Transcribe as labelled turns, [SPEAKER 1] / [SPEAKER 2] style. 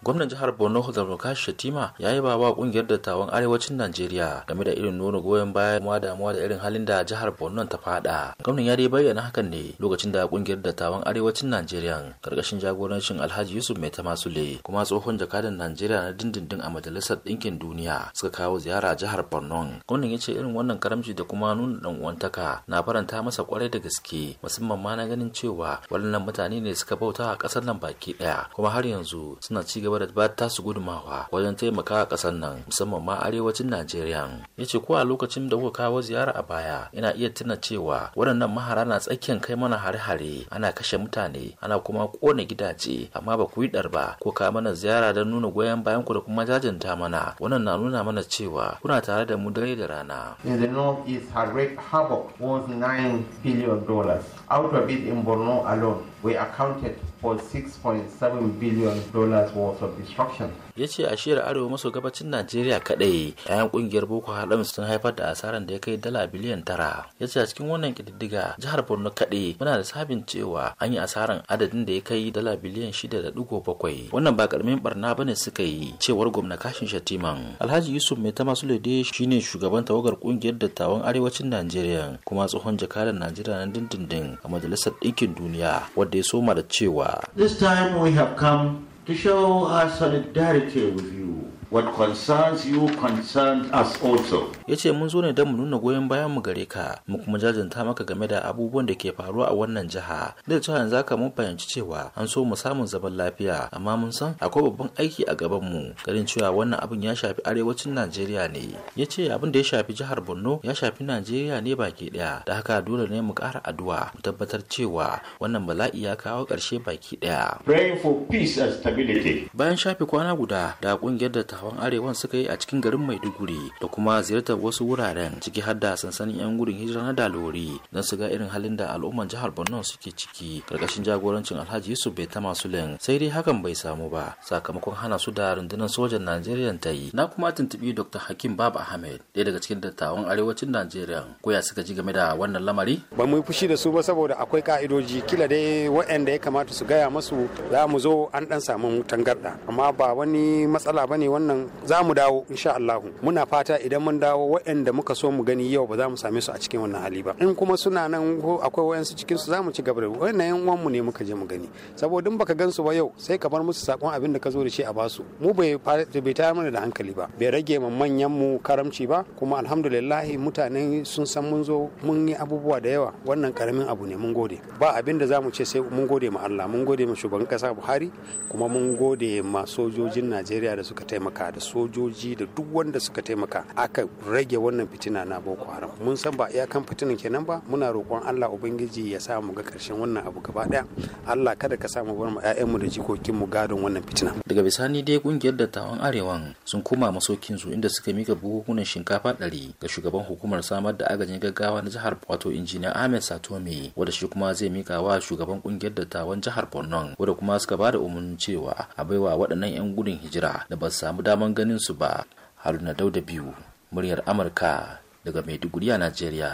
[SPEAKER 1] gwamnan jihar borno da rukash shatima ya yi ba bawa kungiyar dattawan arewacin najeriya game da irin nuna goyon baya kuma damuwa da irin halin da jihar borno ta faɗa. gwamnan ya dai bayyana hakan ne lokacin da kungiyar dattawan arewacin najeriya karkashin jagorancin alhaji yusuf mai tamasule kuma tsohon jakadan najeriya na dindindin a majalisar ɗinkin duniya suka kawo ziyara jihar borno gwamnan ya ce irin wannan karamci da kuma nuna dan uwantaka na faranta masa kwarai da gaske musamman ma na ganin cewa waɗannan mutane ne suka bauta a ƙasar nan baki ɗaya kuma har yanzu suna ci cigaba da ba ta su gudunmawa wajen taimaka a ƙasar nan musamman ma arewacin Najeriya. Ya ce ko a lokacin da kuka kawo ziyara a baya ina iya tuna cewa waɗannan mahara na tsakiyar kai mana hare-hare ana kashe mutane ana kuma kone gidaje amma ba ku yi ɗar ba ko ka mana ziyara don nuna goyon bayan ku da kuma jajanta mana wannan na nuna mana cewa kuna tare da mu dare da rana.
[SPEAKER 2] In the north is havoc was 9 billion dollars out of it in Borno alone. we accounted for $6.7 billion worth of destruction
[SPEAKER 1] ya ce a shiyar arewa maso gabacin najeriya kaɗai yayan ƙungiyar boko haram sun haifar da asarar da ya kai dala biliyan tara ya ce a cikin wannan kididdiga jihar borno kaɗai muna da sabin cewa an yi asarar adadin da ya kai dala biliyan shida da dugo bakwai wannan ba ƙaramin barna ba ne suka yi cewar gwamna kashin shatiman alhaji yusuf mai ta masu lede shine shugaban tawagar ƙungiyar dattawan arewacin najeriya kuma tsohon jakadan najeriya na dindindin a majalisar ɗinkin duniya wadda ya soma da cewa to show our solidarity with you. What concerns you concerns us also. Ya ce mun zo ne don mu nuna goyon bayan mu gare ka, mu kuma jajanta maka game da abubuwan da ke faruwa a wannan jiha. Da cewa yanzu aka mun fahimci cewa an so mu samun zaman lafiya, amma mun san akwai babban aiki a gaban mu. Garin cewa wannan abin ya shafi arewacin Najeriya ne. Ya ce abin da ya shafi jihar Borno ya shafi Najeriya ne baki daya. Da haka dole ne mu ƙara addu'a mu tabbatar cewa wannan bala'i ya kawo ƙarshe baki daya. Praying for peace and stability. Bayan shafi kwana guda da kungiyar da ta hawan arewan suka yi a cikin garin maiduguri da kuma ziyartar wasu wuraren ciki har da sansanin yan gudun hijira na dalori don su ga irin halin da al'umman jihar borno suke ciki karkashin jagorancin alhaji yusuf bai tama sai dai hakan bai samu ba sakamakon hana su da rundunar sojan najeriya ta yi na kuma tuntubi dr hakim baba ahmed ɗaya daga cikin dattawan arewacin najeriya koya suka ji game da wannan lamari
[SPEAKER 2] ba mu yi fushi da su ba saboda akwai ka'idoji kila dai waɗanda ya kamata su gaya masu za mu zo an ɗan samu tangarɗa amma ba wani matsala ba ne wannan wannan za mu dawo insha Allah muna fata idan mun dawo waɗanda muka so mu gani yau ba za mu same su a cikin wannan hali ba in kuma suna nan ko akwai wayansu cikin su za mu ci gaba da wannan yan uwan mu ne muka je mu gani saboda in baka gan su ba yau sai ka bar musu sakon abin da ka zo da shi a basu mu bai bai tayar mana da hankali ba bai rage mu manyan mu karamci ba kuma alhamdulillah mutane sun san mun zo mun yi abubuwa da yawa wannan karamin abu ne mun gode ba abin da za mu ce sai mun gode ma Allah mun gode ma shugaban kasa Buhari kuma mun gode ma sojojin Najeriya da suka taimaka taimaka da sojoji da duk wanda suka taimaka aka rage wannan fitina na boko haram mun san ba iyakan fitinan kenan ba muna roƙon allah ubangiji ya sa mu ga ƙarshen wannan abu gaba ɗaya allah kada ka sa mu bar mu mu da mu gadon wannan fitina daga bisani dai kungiyar dattawan
[SPEAKER 1] arewan sun koma masokin su inda suka mika buhuhunan shinkafa ɗari ga shugaban hukumar samar da agajin gaggawa na jihar wato injiniya ahmed satomi wanda shi kuma zai mika wa shugaban kungiyar dattawan jihar borno wanda kuma suka ba da umarnin cewa a baiwa waɗannan 'yan gudun hijira da ba su samu daman ganin su ba haruna dauda biyu muryar amurka daga maiduguri a najeriya